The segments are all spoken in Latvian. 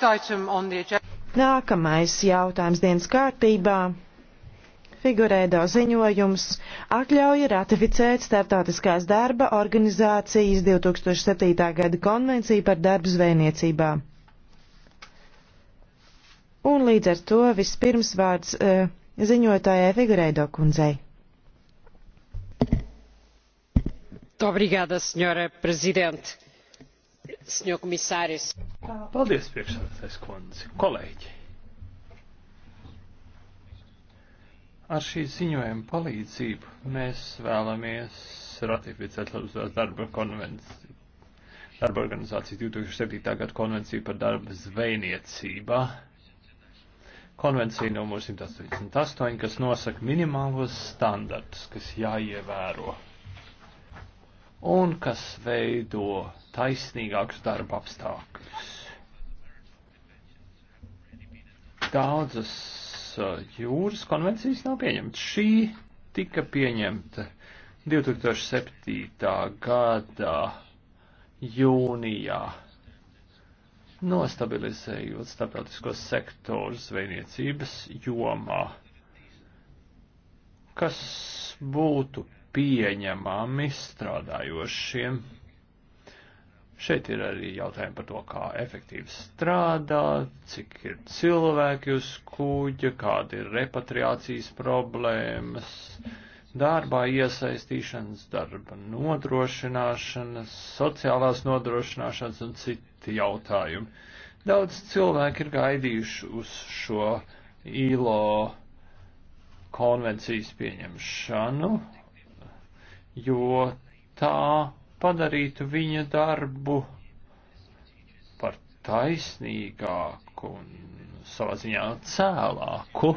Nākamais jautājums dienas kārtībā. Figurēdo ziņojums atļauja ratificēt Startautiskās darba organizācijas 2007. gada konvenciju par darbu zvejniecībā. Un līdz ar to vispirms vārds uh, ziņotājai Figurēdo kundzei. Obrigada, senhora Presidente Sņu komisāris. Paldies, priekšsēdētājs kundze. Kolēģi! Ar šī ziņojuma palīdzību mēs vēlamies ratificēt Latvijas darba konvenciju. Darba organizācijas 2007. gada konvenciju par darba zvejniecībā. Konvencija numur 188, kas nosaka minimālos standartus, kas jāievēro un kas veido taisnīgākus darba apstākļus. Daudzas uh, jūras konvencijas nav pieņemtas. Šī tika pieņemta 2007. gada jūnijā, nostabilizējot starptautiskos sektorus zvejniecības jomā, kas būtu pieņemami strādājošiem. Šeit ir arī jautājumi par to, kā efektīvi strādā, cik ir cilvēki uz kuģa, kāda ir repatriācijas problēmas, darbā iesaistīšanas, darba nodrošināšanas, sociālās nodrošināšanas un citi jautājumi. Daudz cilvēki ir gaidījuši uz šo ILO konvencijas pieņemšanu, jo tā padarītu viņa darbu par taisnīgāku un savā ziņā cēlāku.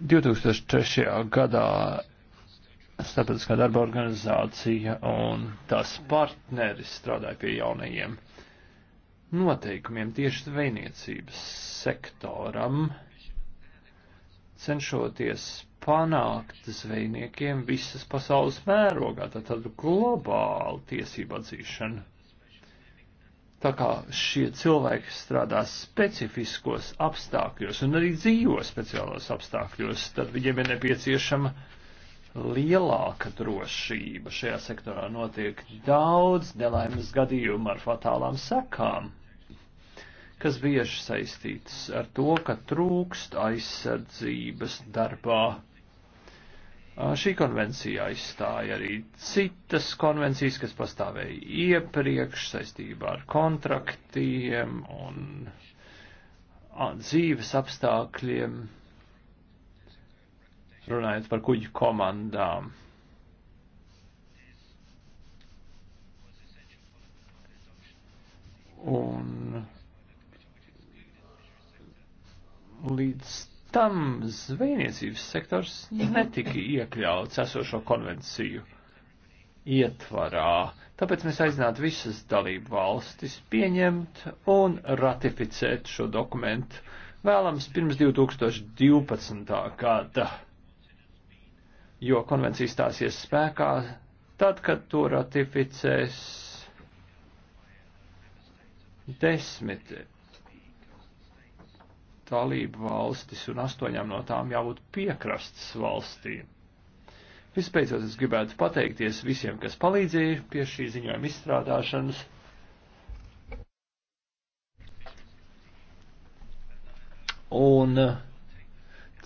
2003. gadā Starptautiskā darba organizācija un tās partneris strādāja pie jaunajiem noteikumiem tieši zvejniecības sektoram, cenšoties panākt zvejniekiem visas pasaules mērogā, tātad globāla tiesība atzīšana. Tā kā šie cilvēki strādā specifiskos apstākļos un arī dzīvo speciālos apstākļos, tad viņiem ir nepieciešama lielāka drošība. Šajā sektorā notiek daudz nelaimes gadījumu ar fatālām sekām, kas bieži saistītas ar to, ka trūkst aizsardzības darbā. Šī konvencija aizstāja arī citas konvencijas, kas pastāvēja iepriekš saistībā ar kontraktiem un dzīves apstākļiem, runājot par kuģu komandām. Un līdz tam zvejniecības sektors mhm. netika iekļauts esošo konvenciju ietvarā. Tāpēc mēs aicinātu visas dalību valstis pieņemt un ratificēt šo dokumentu vēlams pirms 2012. gada, jo konvencija stāsies spēkā tad, kad to ratificēs desmit dalību valstis, un astoņām no tām jābūt piekrastes valstīm. Vispēcot, es gribētu pateikties visiem, kas palīdzēja pie šī ziņojuma izstrādāšanas. Un uh,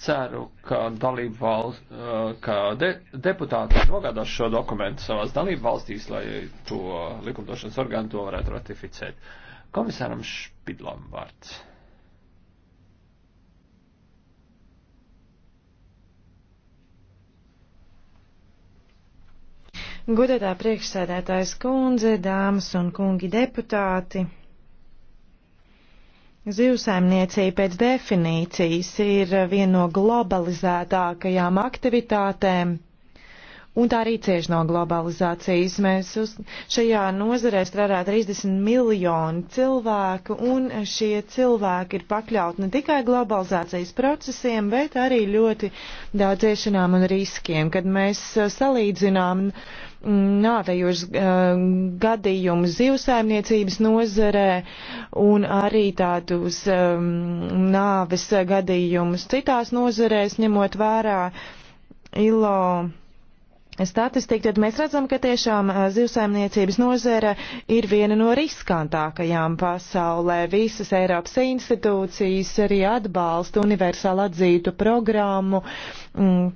ceru, ka dalību valsts, uh, ka de, deputāti nogādās šo dokumentu savās dalību valstīs, lai to likumdošanas orgānu to varētu ratificēt. Komisāram Špidlam vārds. Godotā priekšsēdētājs kundze, dāmas un kungi deputāti. Zivsaimniecība pēc definīcijas ir viena no globalizētākajām aktivitātēm, un tā arī cieši no globalizācijas. Mēs uz šajā nozarē strādā 30 miljoni cilvēku, un šie cilvēki ir pakļauti ne tikai globalizācijas procesiem, bet arī ļoti daudz ciešanām un riskiem, kad mēs salīdzinām. Uh, nāvējošs uh, gadījums zivsaimniecības nozarē un arī tādus um, nāves gadījumus citās nozarēs, ņemot vērā ILO statistiku, tad mēs redzam, ka tiešām uh, zivsaimniecības nozara ir viena no riskantākajām pasaulē. Visas Eiropas institūcijas arī atbalsta universāli atzītu programmu. Mm,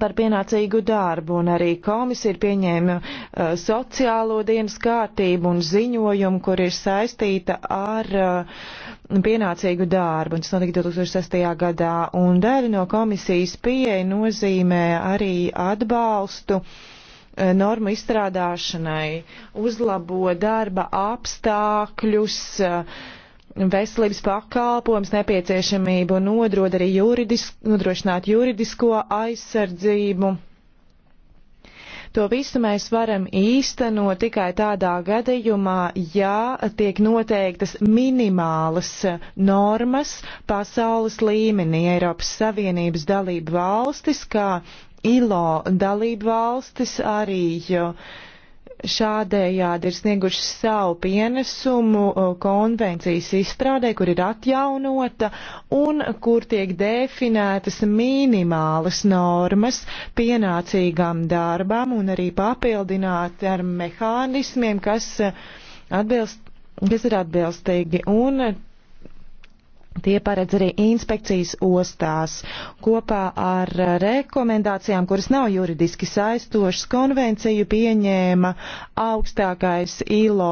par pienācīgu darbu, un arī komisija ir pieņēma uh, sociālo dienas kārtību un ziņojumu, kur ir saistīta ar uh, pienācīgu darbu, un tas notika 2006. gadā, un daļa no komisijas pieeja nozīmē arī atbalstu uh, normu izstrādāšanai, uzlabo darba apstākļus, uh, veselības pakalpojums nepieciešamību nodrod arī juridisk, nodrošināt juridisko aizsardzību. To visu mēs varam īstenot tikai tādā gadījumā, ja tiek noteiktas minimālas normas pasaules līmenī Eiropas Savienības dalību valstis, kā ILO dalību valstis arī. Jo, uh, šādējādi ir snieguši savu pienesumu uh, konvencijas izstrādē, kur ir atjaunota un kur tiek definētas minimālas normas pienācīgām darbām un arī papildināti ar mehānismiem, kas, uh, atbilst, kas ir atbilstīgi. Un Tie paredz arī inspekcijas ostās. Kopā ar rekomendācijām, kuras nav juridiski saistošas, konvenciju pieņēma augstākais ILO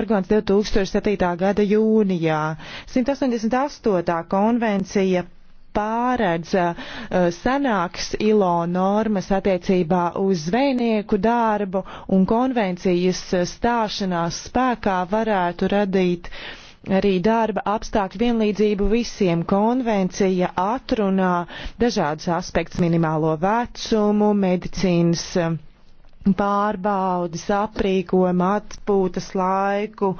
orgāns 2007. gada jūnijā. 188. konvencija pārēdz uh, senāks ILO normas attiecībā uz zvejnieku darbu un konvencijas stāšanās spēkā varētu radīt uh, arī darba apstākļu vienlīdzību visiem. Konvencija atrunā dažādus aspektus - minimālo vecumu, medicīnas eh, pārbaudas, aprīkojumu, atpūtas laiku,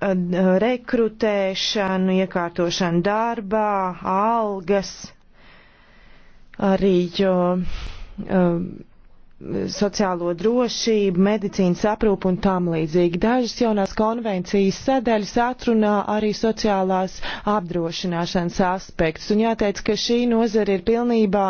eh, rekrutēšanu, iekārtošanu darbā, algas, arī jo, um, sociālo drošību, medicīnas aprūpu un tam līdzīgi. Dažas jaunās konvencijas sadaļas atrunā arī sociālās apdrošināšanas aspektus. Un jāteic, ka šī nozara ir pilnībā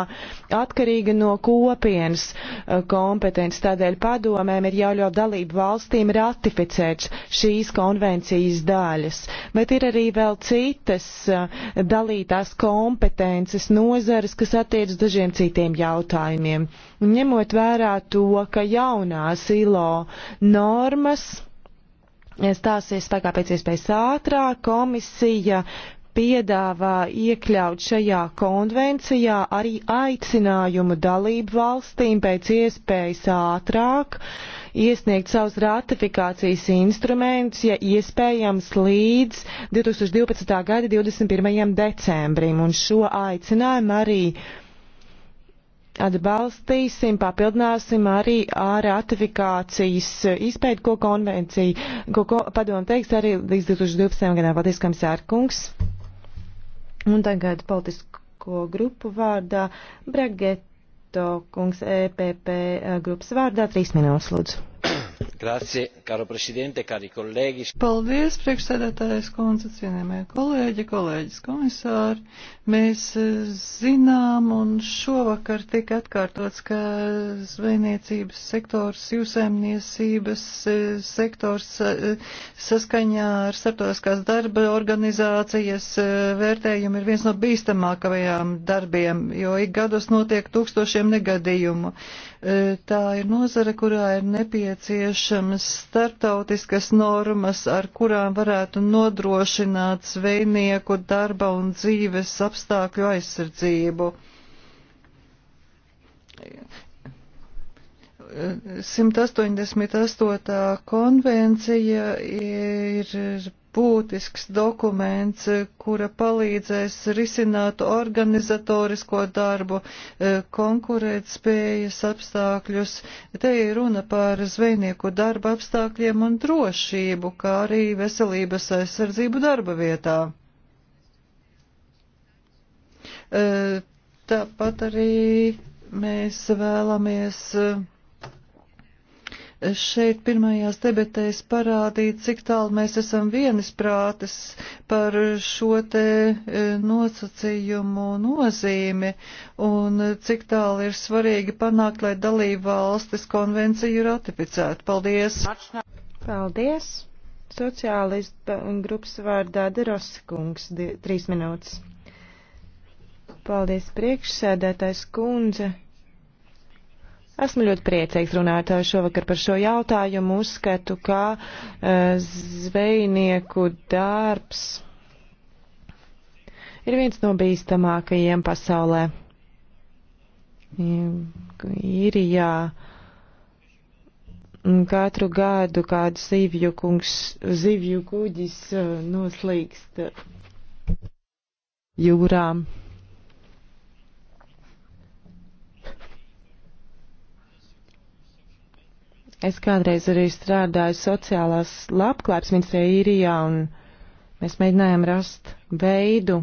atkarīga no kopienas eh, kompetences. Tādēļ padomēm ir jāļauj dalību valstīm ratificēt šīs konvencijas daļas. Bet ir arī vēl citas eh, dalītās kompetences nozares, kas attiec dažiem citiem jautājumiem. Un ņemot vērā vērā to, ka jaunās ILO normas stāsies spēkā pēc iespējas ātrāk, komisija piedāvā iekļaut šajā konvencijā arī aicinājumu dalību valstīm pēc iespējas ātrāk iesniegt savus ratifikācijas instrumentus, ja iespējams, līdz 2012. gada 21. decembrim. Un šo aicinājumu arī uh, atbalstīsim, papildināsim arī ar ratifikācijas izpēti, ko konvencija, ko, ko padomu teiks arī līdz 2012. gadā. Paldies, komisāra kungs. Un tagad politisko grupu vārdā Brageto kungs EPP eh, grupas vārdā trīs minūtes lūdzu. Grazie, karo prezidente, kari kolēģi. Paldies, priekšsēdētājs kundze, cienījamie kolēģi, kolēģis komisāri. Mēs eh, zinām un šovakar tika atkārtots, ka zvejniecības sektors, jūsēmniecības eh, sektors eh, saskaņā ar starptautiskās darba organizācijas vērtējumu ir viens no bīstamākajām darbiem, jo ik gados notiek tūkstošiem negadījumu. E, tā ir nozara, kurā ir nepieciešamas startautiskas normas, ar kurām varētu nodrošināt zvejnieku darba un dzīves apstākļu aizsardzību. E, 188. konvencija ir būtisks dokuments, eh, kura palīdzēs risināt organizatorisko darbu, eh, konkurēt spējas apstākļus. Te ir runa par zvejnieku darba apstākļiem un drošību, kā arī veselības aizsardzību darba vietā. Eh, tāpat arī mēs vēlamies šeit pirmajās debatēs parādīt, cik tālu mēs esam vienisprātis par šo te e, nosacījumu nozīmi un cik tālu ir svarīgi panākt, lai dalība valstis konvenciju ratificētu. Paldies! Paldies! Sociālista grupas vārdā Derosikungs, trīs minūtes. Paldies priekšsēdētājs kundze. Esmu ļoti priecīgs runāt eh, šovakar par šo jautājumu. Uzskatu, ka eh, zvejnieku darbs ir viens no bīstamākajiem pasaulē. Īrijā katru gadu kādu zivju, kungs, zivju kuģis eh, noslīkst jūrām. Es kādreiz arī strādāju sociālās labklājības ministrē īrijā, un mēs mēģinājām rast veidu,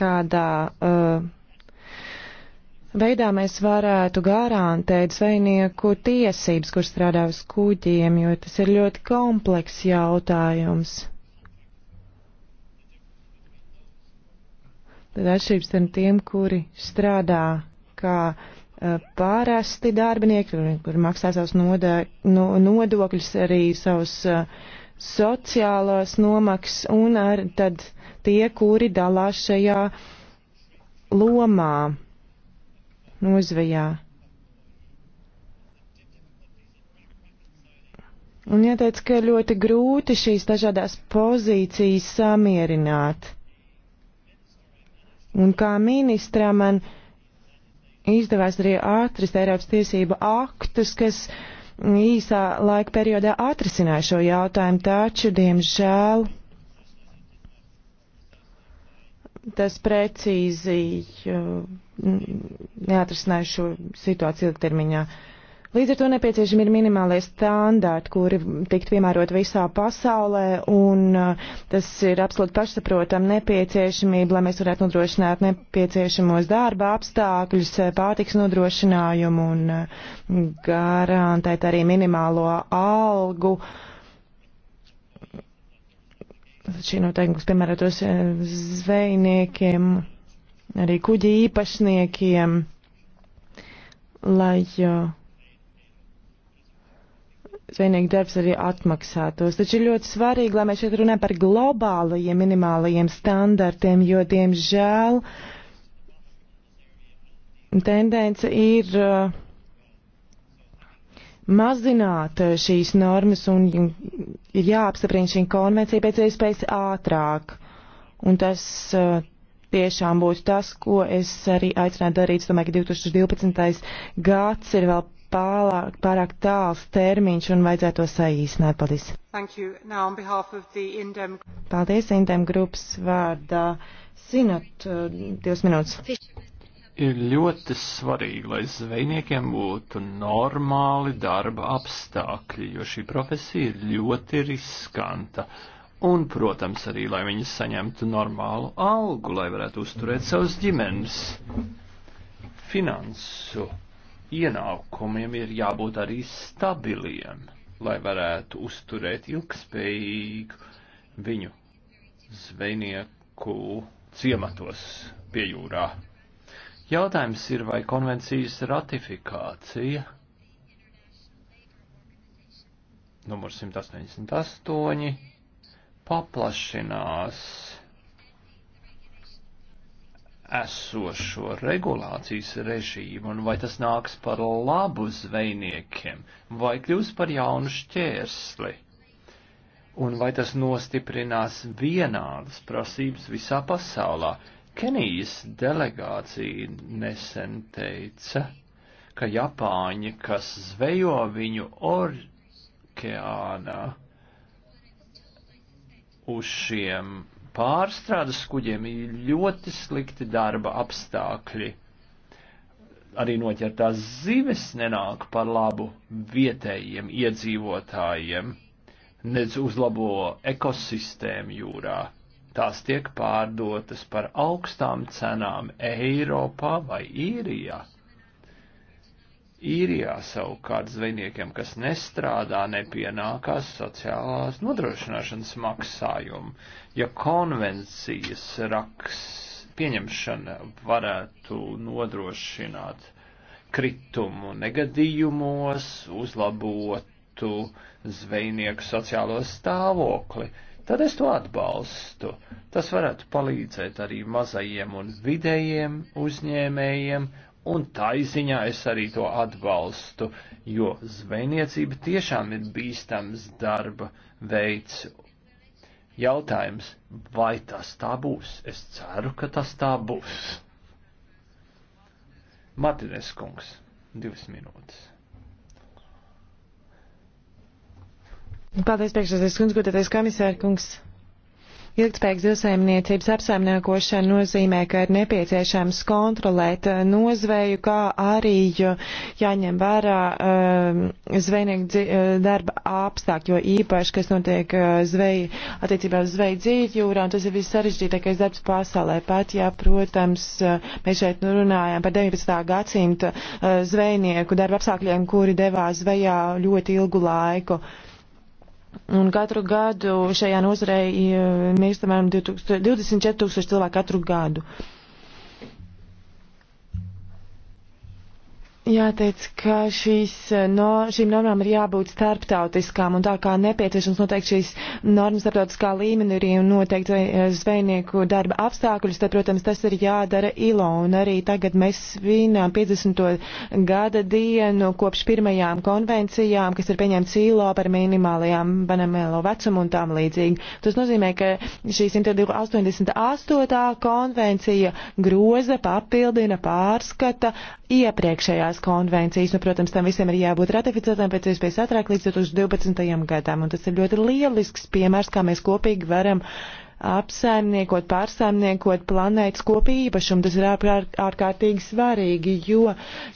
kādā uh, veidā mēs varētu garantēt zvejnieku tiesības, kur strādā uz kuģiem, jo tas ir ļoti kompleks jautājums. Tad atšķirības starp tiem, kuri strādā kā Eh, pārasti darbinieki, kur maksā savus nodā, no, nodokļus, arī savus eh, sociālās nomaks, un ar, tad tie, kuri dalās šajā lomā, nozvejā. Un ieteic, ka ļoti grūti šīs dažādās pozīcijas samierināt. Un kā ministrā man izdevās arī atrast Eiropas tiesību aktus, kas īsā laika periodā atrisināja šo jautājumu, taču, diemžēl, tas precīzi uh, neatrisināja šo situāciju ilgtermiņā. Uh, Līdz ar to nepieciešami ir minimālie standarti, kuri tikt piemērot visā pasaulē, un uh, tas ir absolūti pašsaprotam nepieciešamība, lai mēs varētu nodrošināt nepieciešamos darba apstākļus, uh, pārtiks nodrošinājumu un uh, garantēt arī minimālo algu. Šī noteikums piemērotos zvejniekiem, arī kuģi īpašniekiem, lai uh, cienīgi darbs arī atmaksātos. Taču ir ļoti svarīgi, lai mēs šeit runājam par globālajiem minimālajiem standartiem, jo, diemžēl, tendence ir uh, mazināt uh, šīs normas un ir jāapstiprina šī konvencija pēc iespējas ātrāk. Un tas uh, tiešām būtu tas, ko es arī aicinātu darīt. Es domāju, ka 2012. gads ir vēl pārāk, pārāk tāls termiņš un vajadzētu to saīsināt. Paldies. Indem... Paldies, Indem grupas vārdā. Sinot, eh, divas minūtes. Ir ļoti svarīgi, lai zvejniekiem būtu normāli darba apstākļi, jo šī profesija ir ļoti riskanta. Un, protams, arī, lai viņi saņemtu normālu algu, lai varētu uzturēt savus ģimenes finansu ienākumiem ir jābūt arī stabiliem, lai varētu uzturēt ilgspējīgu viņu zvejnieku ciematos pie jūrā. Jautājums ir, vai konvencijas ratifikācija numur 188 paplašinās esošo regulācijas režīmu un vai tas nāks par labu zvejniekiem vai kļūs par jaunu šķērsli. Un vai tas nostiprinās vienādas prasības visā pasaulā? Kenijas delegācija nesen teica, ka Japāņi, kas zvejo viņu orkeānā uz šiem pārstrādes kuģiem ir ļoti slikti darba apstākļi. Arī noķertās zivis nenāk par labu vietējiem iedzīvotājiem, nedz uzlabo ekosistēmu jūrā. Tās tiek pārdotas par augstām cenām Eiropā vai Īrijā īrijā savukārt zvejniekiem, kas nestrādā, nepienākās sociālās nodrošināšanas maksājumu. Ja konvencijas raks pieņemšana varētu nodrošināt kritumu negadījumos, uzlabotu zvejnieku sociālo stāvokli, tad es to atbalstu. Tas varētu palīdzēt arī mazajiem un vidējiem uzņēmējiem, un tā ziņā es arī to atbalstu, jo zvejniecība tiešām ir bīstams darba veids. Jautājums, vai tas tā būs? Es ceru, ka tas tā būs. Matines kungs, divas minūtes. Paldies, priekšsēdētājs kungs, godētais komisārkungs. Ilgtspējīgas zivsaimniecības apsaimniekošana nozīmē, ka ir nepieciešams kontrolēt eh, nozveju, kā arī eh, jāņem vērā uh, zvejnieku darba apstākļi, jo īpaši, kas notiek zveja, attiecībā uz zveju dzīvi jūrā, un tas ir viss sarežģītākais darbs pasaulē. Pat, ja, protams, mēs šeit nu runājam par 19. gadsimta zvejnieku darba apstākļiem, kuri devās zvejā ļoti ilgu laiku. Uh, Un katru gadu šajā nozarei eh, mirst apmēram 24 tūkstoši cilvēku katru gadu. Uh, Jāteic, ka šīs, eh, no, šīm normām ir jābūt starptautiskām, un tā kā nepieciešams noteikti šīs normas starptautiskā līmenī ir noteikti eh, zvejnieku darba apstākļus, tad, protams, tas ir jādara ILO, un arī tagad mēs svinām 50. gada dienu kopš pirmajām konvencijām, kas ir pieņemts ILO par minimālajām banamēlo vecumu un tām līdzīgi. Tas nozīmē, ka šī 188. konvencija groza, papildina, pārskata iepriekšējās starptautiskās konvencijas, un, nu, protams, tam visiem ir jābūt ratificētām pēc iespējas ātrāk līdz 2012. gadam, un tas ir ļoti lielisks piemērs, kā mēs kopīgi varam uh, apsaimniekot, pārsaimniekot planētas kopī īpašumu. Tas ir ārkārtīgi svarīgi, jo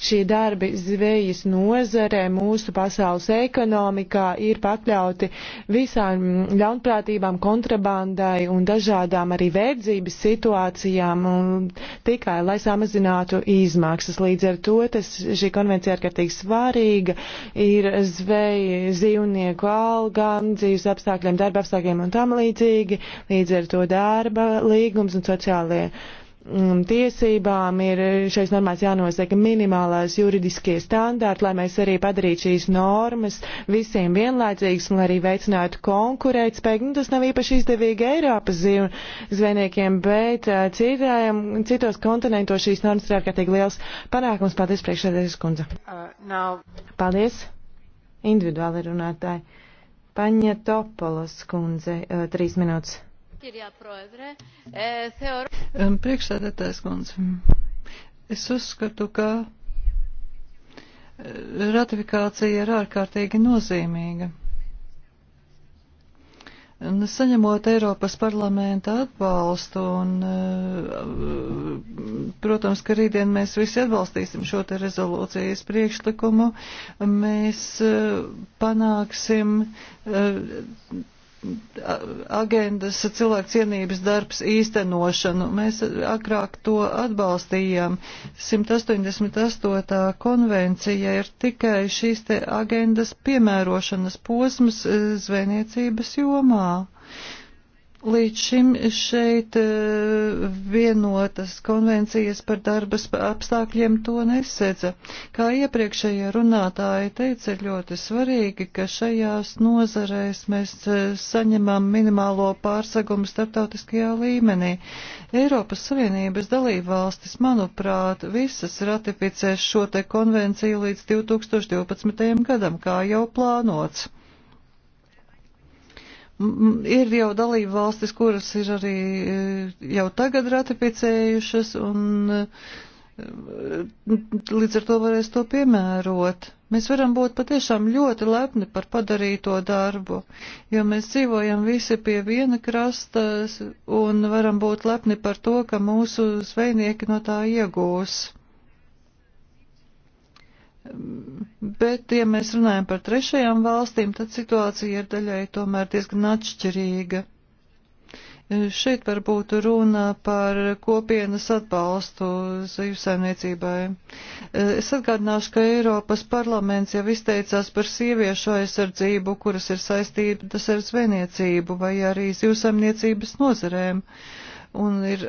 šie darbi zvejas nozarē mūsu pasaules ekonomikā ir pakļauti visām ļaunprātībām, kontrabandai un dažādām arī verdzības situācijām un tikai, lai samazinātu izmaksas. Līdz ar to tas, šī konvencija ārkārtīgi svarīga ir zveja dzīvnieku algām, dzīves apstākļiem, darba apstākļiem un tam līdzīgi. Līdz līdz ar to darba līgums un sociālie mm, tiesībām ir šais normās jānosaka minimālās juridiskie standārti, lai mēs arī padarītu šīs normas visiem vienlaicīgas un arī veicinātu konkurēt spēju. Nu, tas nav īpaši izdevīgi Eiropas zvejniekiem, bet citājiem, citos kontinentos šīs normas ir ārkārtīgi liels panākums. Paldies, priekšsēdētājs kundze. Uh, nav. Paldies, individuāli runātāji. Paņa Topolas kundze, uh, trīs minūtes. Priekšsēdētājs kundze, es uzskatu, ka e, ratifikācija ir ārkārtīgi nozīmīga. Saņemot Eiropas parlamenta atbalstu un, e, protams, ka rītdien mēs visi atbalstīsim šo te rezolūcijas priekšlikumu, mēs e, panāksim agendas cilvēku cienības darbs īstenošanu. Mēs agrāk to atbalstījām. 188. konvencija ir tikai šīs te agendas piemērošanas posms eh, zvejniecības jomā. Līdz šim šeit e, vienotas konvencijas par darba apstākļiem to nesedza. Kā iepriekšējie runātāji teica, ir ļoti svarīgi, ka šajās nozarēs mēs e, saņemam minimālo pārsegumu starptautiskajā līmenī. Eiropas Savienības dalībvalstis, manuprāt, visas ratificēs šo te konvenciju līdz 2012. gadam, kā jau plānots. Ir jau dalība valstis, kuras ir arī e, jau tagad ratificējušas, un e, līdz ar to varēs to piemērot. Mēs varam būt patiešām ļoti lepni par padarīto darbu, jo mēs dzīvojam visi pie viena krasta un varam būt lepni par to, ka mūsu zvejnieki no tā iegūs. Bet, ja mēs runājam par trešajām valstīm, tad situācija ir daļai tomēr diezgan atšķirīga. Šeit var būt runa par kopienas atbalstu zivsaimniecībai. Es atgādināšu, ka Eiropas parlaments jau izteicās par sieviešu aizsardzību, kuras ir saistītas ar zvejniecību vai arī zivsaimniecības nozerēm, un ir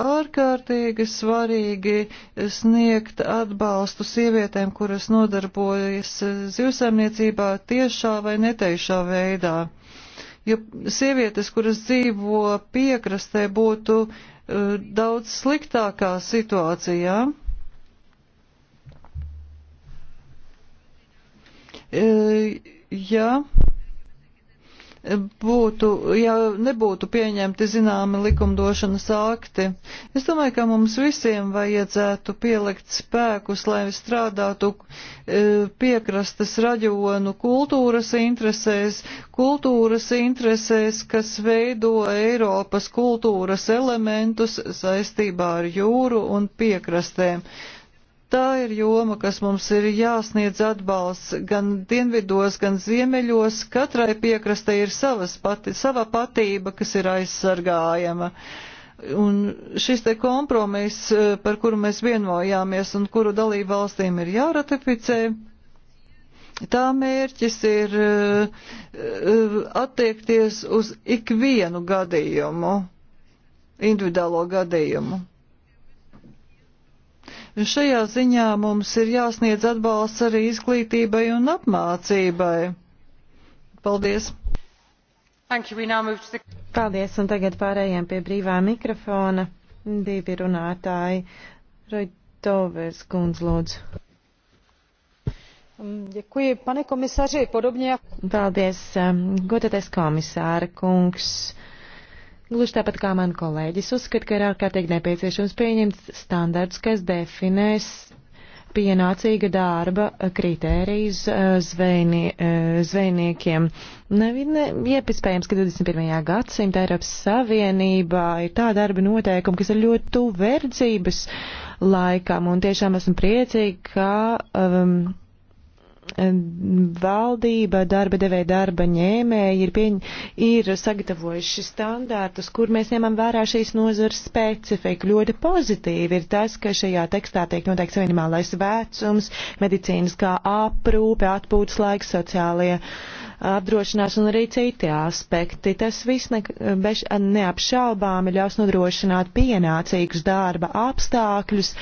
ārkārtīgi svarīgi sniegt atbalstu sievietēm, kuras nodarbojas zivsaimniecībā tiešā vai neteišā veidā. Ja sievietes, kuras dzīvo piekrastē, būtu uh, daudz sliktākā situācijā, uh, ja būtu, ja nebūtu pieņemti zināmi likumdošanas akti. Es domāju, ka mums visiem vajadzētu pielikt spēkus, lai strādātu e, piekrastes raģionu kultūras interesēs, kultūras interesēs, kas veido Eiropas kultūras elementus saistībā ar jūru un piekrastēm. Tā ir joma, kas mums ir jāsniedz atbalsts gan dienvidos, gan ziemeļos. Katrai piekrastai ir pati, sava patība, kas ir aizsargājama. Un šis te kompromiss, par kuru mēs vienojāmies un kuru dalību valstīm ir jāratificē, tā mērķis ir eh, attiekties uz ikvienu gadījumu, individuālo gadījumu. Šajā ziņā mums ir jāsniedz atbalsts arī izglītībai un apmācībai. Paldies! Paldies, un tagad pārējām pie brīvā mikrofona. Divi runātāji. Rojtovers kundz lūdzu. Mm, děkuji, pane komisaři, podobně jak... Paldies, um, godētais komisāra kungs. Gluži tāpat kā man kolēģis uzskata, ka ir ārkārtīgi nepieciešams pieņemt standarts, kas definēs pienācīga darba kritērijas eh, zvejni, eh, zvejniekiem. Nav ne, iepispējams, ka 21. gadsimta Eiropas Savienībā ir tā darba noteikumi, kas ir ļoti tuvu verdzības laikam, un tiešām esmu priecīgi, ka um, valdība, darba devēja, darba ņēmēji ir, pieņ, ir sagatavojuši standārtus, kur mēs ņemam vērā šīs nozares specifiku. Ļoti pozitīvi ir tas, ka šajā tekstā tiek noteikts minimālais vecums, medicīniskā aprūpe, atpūtas laiks, sociālie apdrošinās un arī citi aspekti. Tas viss ne, bež, neapšaubāmi ļaus nodrošināt pienācīgus darba apstākļus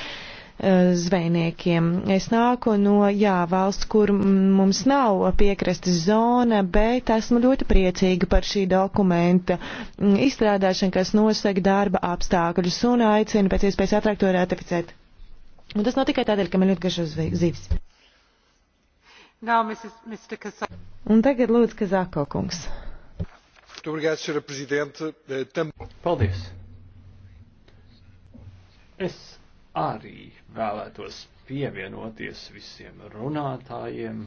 zvejniekiem. Es nāku no jā, valsts, kur mums nav piekrastes zona, bet esmu ļoti priecīga par šī dokumenta izstrādāšanu, kas nosaka darba apstākļus un aicina pēc iespējas ātrāk to ratificēt. Un tas nav tikai tādēļ, ka man ļoti garšo zivs. Un tagad lūdzu Kazako kungs. Eh, Paldies. Es arī vēlētos pievienoties visiem runātājiem,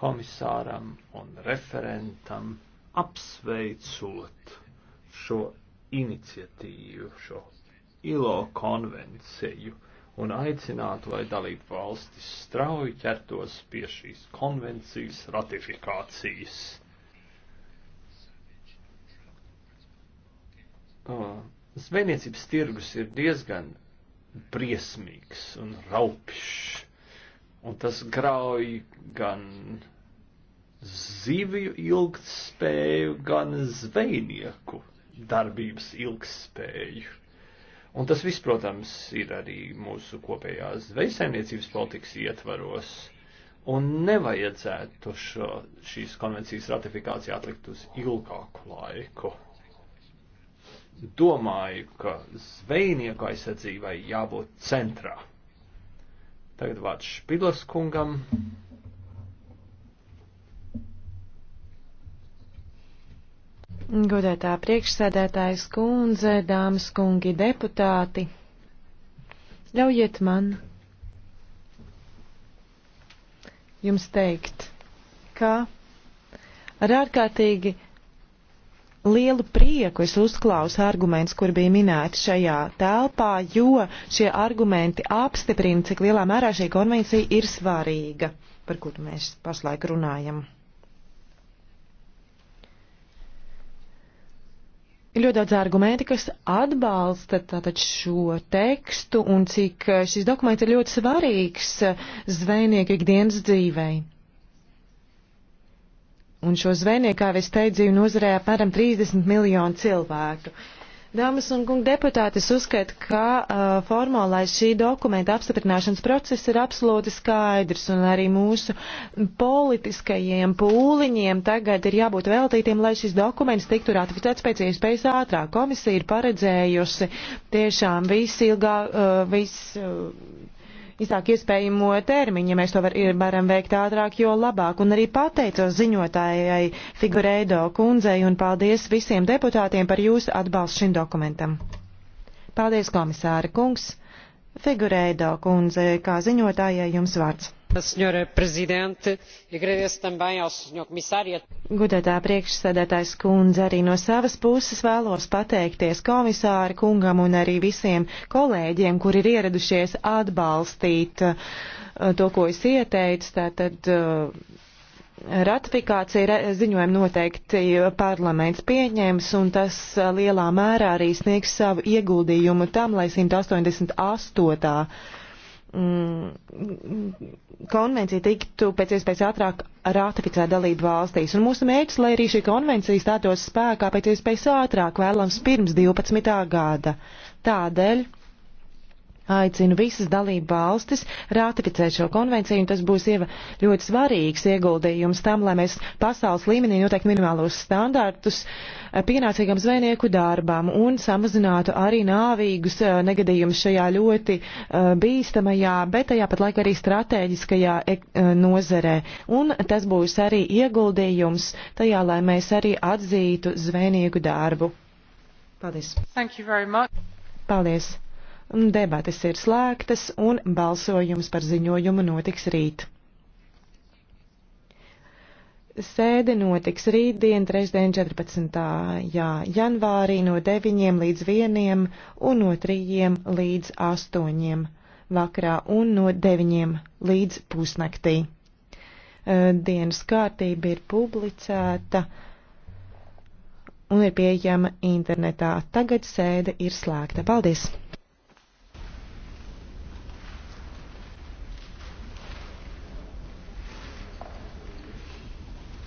komisāram un referentam, apsveicot šo iniciatīvu, šo ILO konvenciju un aicinātu, lai dalību valstis strauji ķertos pie šīs konvencijas ratifikācijas. Zvejniecības tirgus ir diezgan briesmīgs un raupšs, un tas grauj gan zivju ilgspēju, gan zvejnieku darbības ilgspēju. Un tas viss, protams, ir arī mūsu kopējās zvejsaimniecības politikas ietvaros, un nevajadzētu šo, šīs konvencijas ratifikāciju atlikt uz ilgāku laiku domāju, ka zvejnieku aizsardzībai jābūt centrā. Tagad vārds Špidlas kungam. Godētā priekšsēdētājas kundze, dāmas kungi deputāti, ļaujiet man jums teikt, ka ar ārkārtīgi lielu prieku es uzklausu argumentus, kur bija minēti šajā telpā, jo šie argumenti apstiprina, cik lielā mērā šī konvencija ir svarīga, par kuru mēs pašlaik runājam. Ir ļoti daudz argumenti, kas atbalsta tātad šo tekstu un cik šis dokuments ir ļoti svarīgs zvejnieku ikdienas dzīvei. Un šo zvejnieku, kā es teicu, dzīvo nozarē apmēram 30 miljonu cilvēku. Dāmas un kungi deputāti, es uzskatu, ka uh, formālais šī dokumenta apstiprināšanas process ir absolūti skaidrs, un arī mūsu politiskajiem pūliņiem tagad ir jābūt veltītiem, lai šis dokuments tiktu ratificēts pēc iespējas ātrāk. Komisija ir paredzējusi tiešām visilgā, uh, vis. Uh, īsāk iespējamo termiņu, ja mēs to var, varam veikt ātrāk, jo labāk. Un arī pateicos ziņotājai Figureido kundzei un paldies visiem deputātiem par jūsu atbalstu šim dokumentam. Paldies, komisāri kungs! Figureido kundze, kā ziņotājai jums vārds. Senhora Presidente, agradeço também ao Senhor Comissário. E Godātā priekšsēdētājs kundze arī no savas puses vēlos pateikties komisāra kungam un arī visiem kolēģiem, kuri ir ieradušies atbalstīt uh, to, ko es ieteicu. Tātad, uh, Ratifikācija ziņojuma noteikti parlaments pieņems, un tas uh, lielā mērā arī sniegs savu ieguldījumu tam, lai 188. Mm, konvencija tiktu pēc iespējas ātrāk ratificēt dalību valstīs. Un mūsu mērķis, lai arī šī konvencija stātos spēkā pēc iespējas ātrāk, vēlams pirms 12. gada. Tādēļ aicinu visas dalību valstis ratificēt šo konvenciju, un tas būs ieva ļoti svarīgs ieguldījums tam, lai mēs pasaules līmenī noteikti minimālos standartus eh, pienācīgam zvejnieku darbam un samazinātu arī nāvīgus eh, negadījumus šajā ļoti eh, bīstamajā, bet tajā pat laikā arī strateģiskajā e, nozerē. Un tas būs arī ieguldījums tajā, lai mēs arī atzītu zvejnieku darbu. Paldies. Paldies. Debates ir slēgtas un balsojums par ziņojumu notiks rīt. Sēde notiks rītdien, trešdien, 14. Jā, janvārī no 9 līdz 1 un no 3 līdz 8 vakarā un no 9 līdz pusnaktī. Dienas kārtība ir publicēta un ir pieejama internetā. Tagad sēde ir slēgta. Paldies!